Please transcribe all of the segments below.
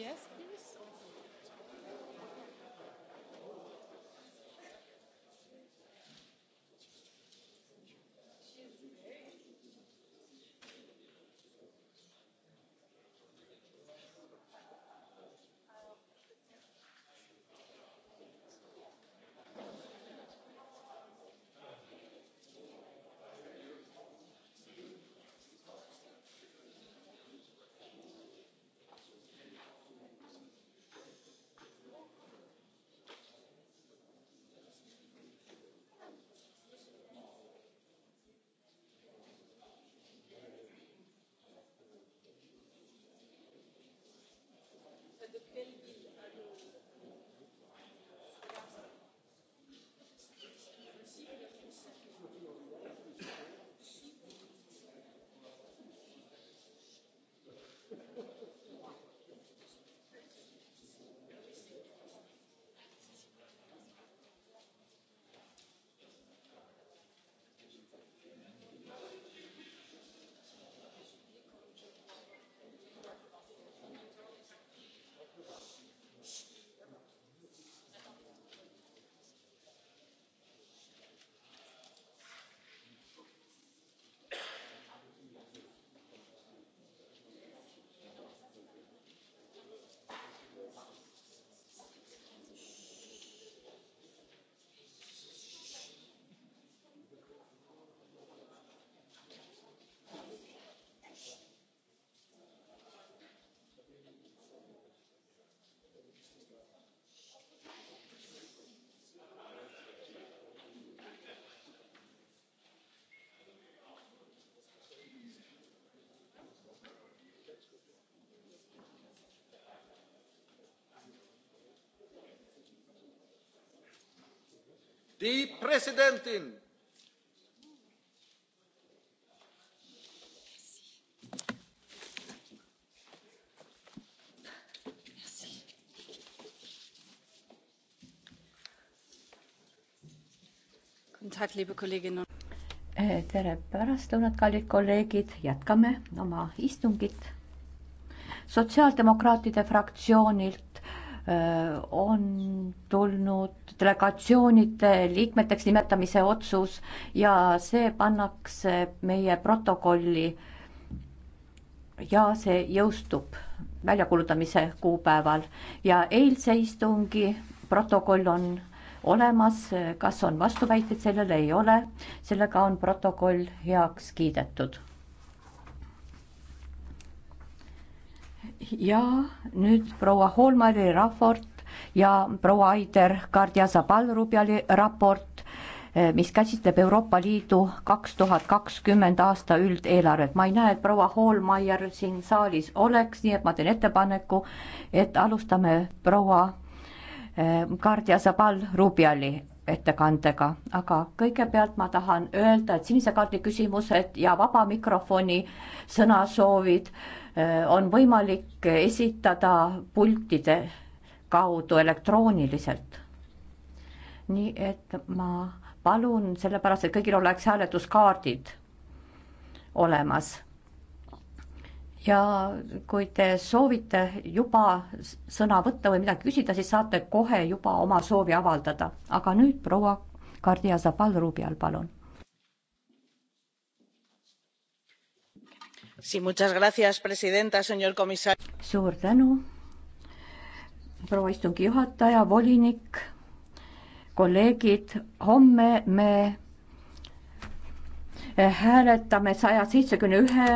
yes die präsidentin! Äh, tere pärastlõunat, kallid kolleegid, jätkame oma istungit. sotsiaaldemokraatide fraktsioonilt on tulnud delegatsioonide liikmeteks nimetamise otsus ja see pannakse meie protokolli ja see jõustub väljakuulutamise kuupäeval ja eilse istungi protokoll on olemas, kas on vastuväiteid sellele, ei ole, sellega on protokoll heaks kiidetud ja nüüd proua Holmari raport ja proua Aider Kardia Zabal-Rubjali raport, eh, mis käsitleb Euroopa Liidu kaks tuhat kakskümmend aasta üldeelarvet. ma ei näe, et proua Hoolmeier siin saalis oleks, nii et ma teen ettepaneku, et alustame proua eh, Kardia Zabal-Rubjali ettekandega, aga kõigepealt ma tahan öelda, et sinise kaardi küsimused ja vaba mikrofoni sõnasoovid äh, Äh, on võimalik esitada pultide kaudu elektrooniliselt. nii et ma palun sellepärast, et kõigil oleks hääletuskaardid olemas. ja kui te soovite juba sõna võtta või midagi küsida, siis saate kohe juba oma soovi avaldada, aga nüüd proua Kardia Zabal Rubial, palun suur tänu, proua istungi juhataja, volinik, kolleegid, homme me eh, hääletame saja seitsmekümne ühe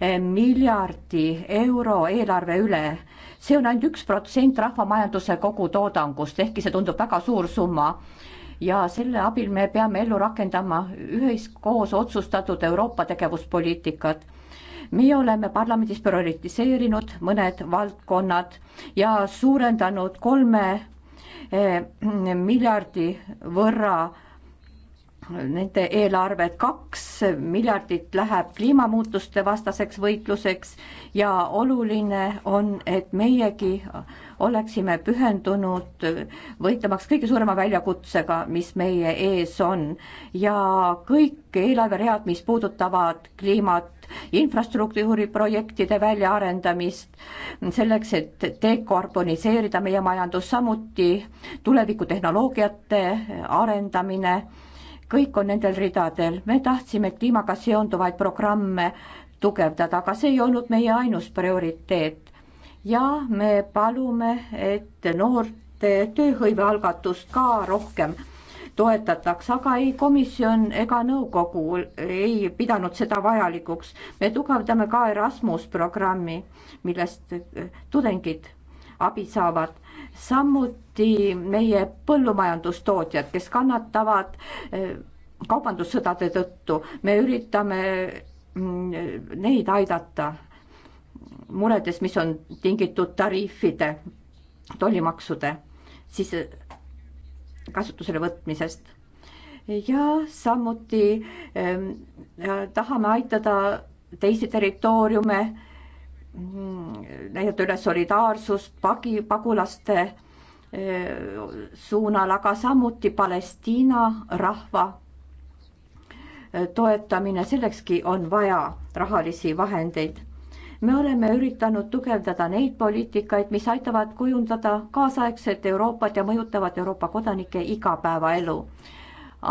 eh, miljardi euro eelarve üle. see on ainult üks protsent rahvamajanduse kogutoodangust, ehkki see tundub väga suur summa ja selle abil me peame ellu rakendama üheskoos otsustatud Euroopa tegevuspoliitikat meie oleme parlamendis prioritiseerinud mõned valdkonnad ja suurendanud kolme eh, miljardi võrra nende eelarved, kaks miljardit läheb kliimamuutuste vastaseks võitluseks ja oluline on, et meiegi oleksime pühendunud võitlemaks kõige suurema väljakutsega, mis meie ees on ja kõik eelarveread, mis puudutavad kliimat, infrastruktuuriprojektide väljaarendamist, selleks, et dekarboniseerida meie majandus, samuti tulevikutehnoloogiate arendamine kõik on nendel ridadel, me tahtsime kliimaga seonduvaid programme tugevdada, aga see ei olnud meie ainus prioriteet. ja me palume, et noorte tööhõivealgatust ka rohkem toetataks, aga ei komisjon ega nõukogu ei pidanud seda vajalikuks. me tugevdame ka Erasmus programmi, millest tudengid abi saavad, samuti meie põllumajandustootjad, kes kannatavad eh, kaubandussõdade tõttu, me üritame mm, neid aidata muredes, mis on tingitud tariifide, tollimaksude siis kasutusele võtmisest. ja samuti ähm, tahame aitada teisi territooriume Mm, näidata üles solidaarsust pagi, pagulaste eh, suunal, aga samuti Palestiina rahva eh, toetamine, sellekski on vaja rahalisi vahendeid me oleme üritanud tugevdada neid poliitikaid, mis aitavad kujundada kaasaegset Euroopat ja mõjutavad Euroopa kodanike igapäevaelu.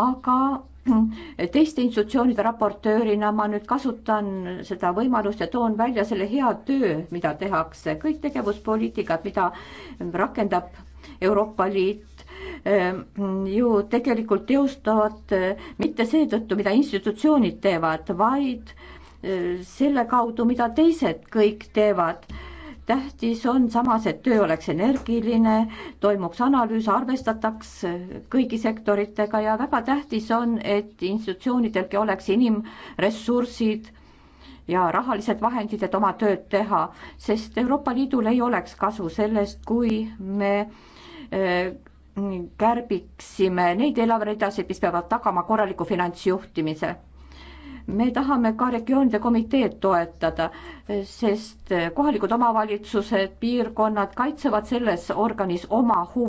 aga Mm. teiste institutsioonide raportöörina ma nüüd kasutan seda võimalust ja toon välja selle hea töö, mida tehakse, kõik tegevuspoliitikad, mida rakendab Euroopa Liit ehm, ju tegelikult teostavad eh, mitte seetõttu, mida institutsioonid teevad, vaid eh, selle kaudu, mida teised kõik teevad tähtis on samas, et töö oleks energiline, toimuks analüüs, arvestataks kõigi sektoritega ja väga tähtis on, et institutsioonidelgi oleks inimressursid ja rahalised vahendid, et oma tööd teha, sest Euroopa Liidul ei oleks kasu sellest, kui me äh, kärbiksime neid eelarveridasid, mis peavad tagama korraliku finantsjuhtimise me tahame ka regioonide komiteed toetada, sest kohalikud omavalitsused, piirkonnad kaitsevad selles organis oma huve.